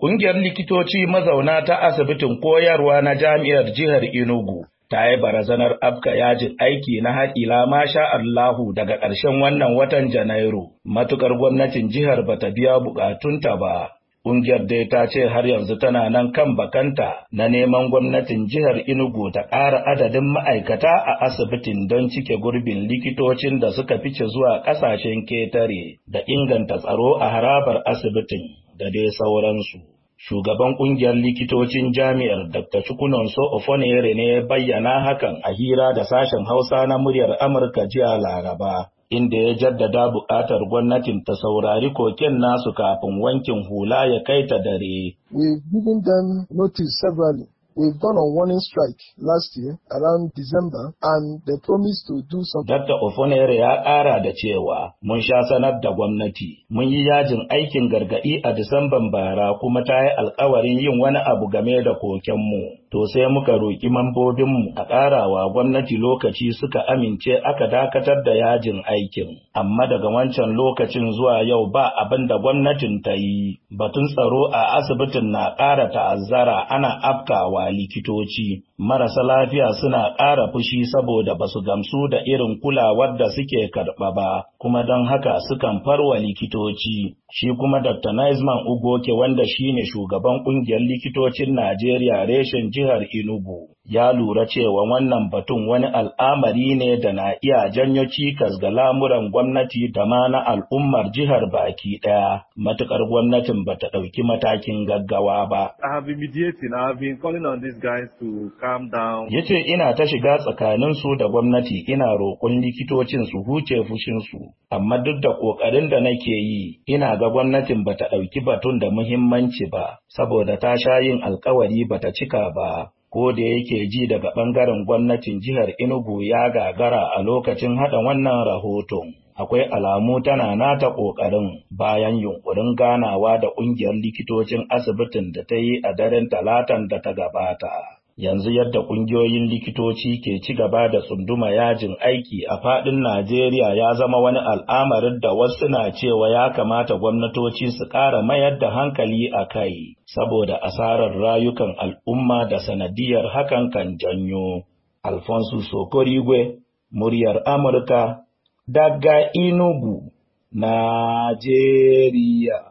Ƙungiyar likitoci mazauna ta asibitin koyarwa na jami'ar jihar Inugu, ta yi barazanar afka yajin aiki na haƙila masha Allahu daga ƙarshen wannan watan Janairu, matuƙar gwamnatin jihar ba ta biya buƙatunta ba. Ƙungiyar dai ta ce har yanzu tana nan kan bakanta na neman gwamnatin jihar Inugu ta ƙara adadin ma'aikata a asibitin don cike gurbin likitocin da suka fice zuwa ƙasashen ketare da inganta tsaro a harabar asibitin. da dai sauransu. Shugaban kungiyar likitocin jami'ar Dr. Chukunonso Ofonere ne ya bayyana hakan a hira da sashen Hausa na muryar Amurka jiya Laraba. Inda ya jaddada buƙatar gwamnatin ta saurari koken nasu kafin wankin hula ya kai ta dare. We've given notice severally We've gone on warning strike last year around December and they promised to do something. Dr. Ofonere ya ƙara da cewa mun sha sanar da gwamnati. Mun yi yajin aikin gargaɗi a Disamban bara kuma ta yi alkawarin yin wani abu game da kokenmu. to sai muka roƙi mambobinmu a ƙarawa gwamnati lokaci suka amince aka dakatar da yajin aikin. Amma daga wancan lokacin zuwa yau ba abin da gwamnatin ta yi, batun tsaro a asibitin na ƙara ta'azzara ana afkawa likitoci. Marasa lafiya suna ƙara fushi saboda ba su gamsu da irin kulawar da suke karɓa ba, kuma don haka sukan farwa likitoci. Shi kuma Dr. Naisman Ugoke wanda shine shugaban ƙungiyar likitocin Najeriya reshen jihar Enugu ya lura cewa wannan batun wani al'amari ne da na iya janyo cikas ga lamuran gwamnati da ma na al'ummar jihar baki ɗaya, matukar gwamnatin ba ta ɗauki matakin gaggawa ba. Ya ce ina ta shiga tsakanin su da gwamnati ina roƙon likitocin su huce fushinsu, amma duk da ƙoƙarin da nake yi, ina ga gwamnatin ba ta ɗauki batun da muhimmanci ba, saboda ta sha yin alkawari ba ta cika ba. ko da yake ji daga ɓangaren gwamnatin jihar Enugu ya gagara a lokacin haɗa wannan rahoton. Akwai alamu tana nata ƙoƙarin bayan yunƙurin ganawa da ƙungiyar likitocin asibitin da ta yi a daren talatan da ta gabata. yanzu yadda ƙungiyoyin likitoci ke ci gaba da tsunduma yajin aiki a faɗin Najeriya ya zama wani al'amarin da wasu na cewa ya kamata gwamnatoci su ƙara mayar da hankali a kai, saboda asarar rayukan al'umma da sanadiyar hakan kan janyo. Alfonso Sokorigwe, muryar Amurka, daga Inugu, Najeriya.